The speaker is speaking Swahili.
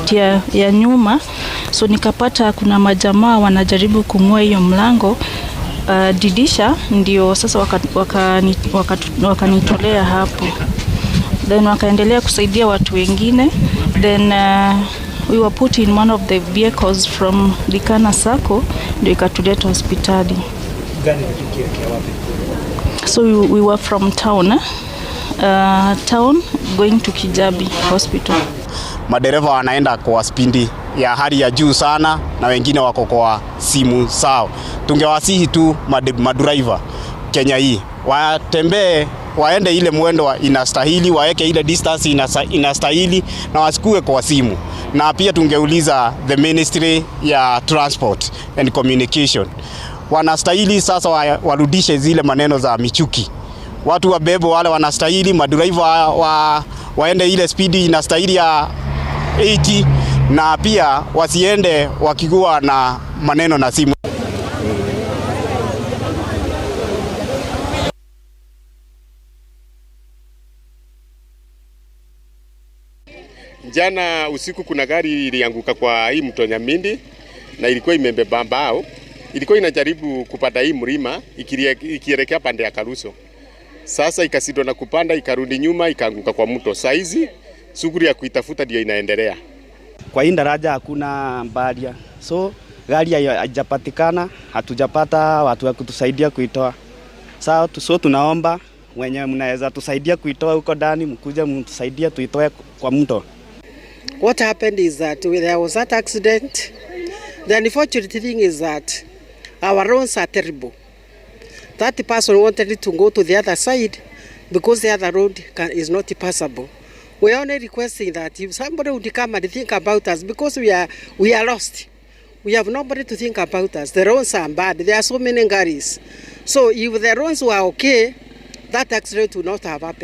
kiti ya, ya nyuma, so nikapata kuna majamaa wanajaribu kung'oa hiyo mlango uh, didisha, ndio sasa wakanitolea waka, waka, waka hapo, then wakaendelea kusaidia watu wengine then uh, we were put in one of the vehicles from Likana Sacco ndio ikatuleta hospitali. So we, we were from town, eh? uh, town going to Kijabi hospital madereva wanaenda kwa spindi ya hali ya juu sana, na wengine wako kwa simu sawa. Tungewasihi tu madriver Kenya hii watembee waende ile mwendo inastahili, waeke ile distance inastahili na wasikue kwa simu. Na pia tungeuliza the ministry ya transport and communication, wanastahili sasa warudishe zile maneno za michuki, watu wabebo wale wanastahili, madriver wa, wa, waende ile spidi inastahili ya 80 na pia wasiende wakikuwa na maneno na simu. Jana usiku kuna gari ilianguka kwa hii mto Nyamindi na ilikuwa imebeba mbao, ilikuwa inajaribu kupanda hii mlima ikielekea pande ya Karuso. Sasa ikasindwa na kupanda, ikarudi nyuma, ikaanguka kwa mto. Saizi shughuli ya kuitafuta ndio inaendelea. Kwa hii daraja hakuna mbalia, so gari haijapatikana, hatujapata watu wa kutusaidia kuitoa. Sawa, so tunaomba wenye mnaweza tusaidia kuitoa huko ndani, mkuja mtusaidia tuitoe kwa mto. What happened is that there was that accident. The unfortunate thing is that our roads are terrible. That person wanted to go to the other side because the other road is not passable. we are only requesting that if somebody would come and think about us because we are, we are lost. We have nobody to think about us. The roads are bad. There are so many garis. So if the roads were okay, that accident would not have happened.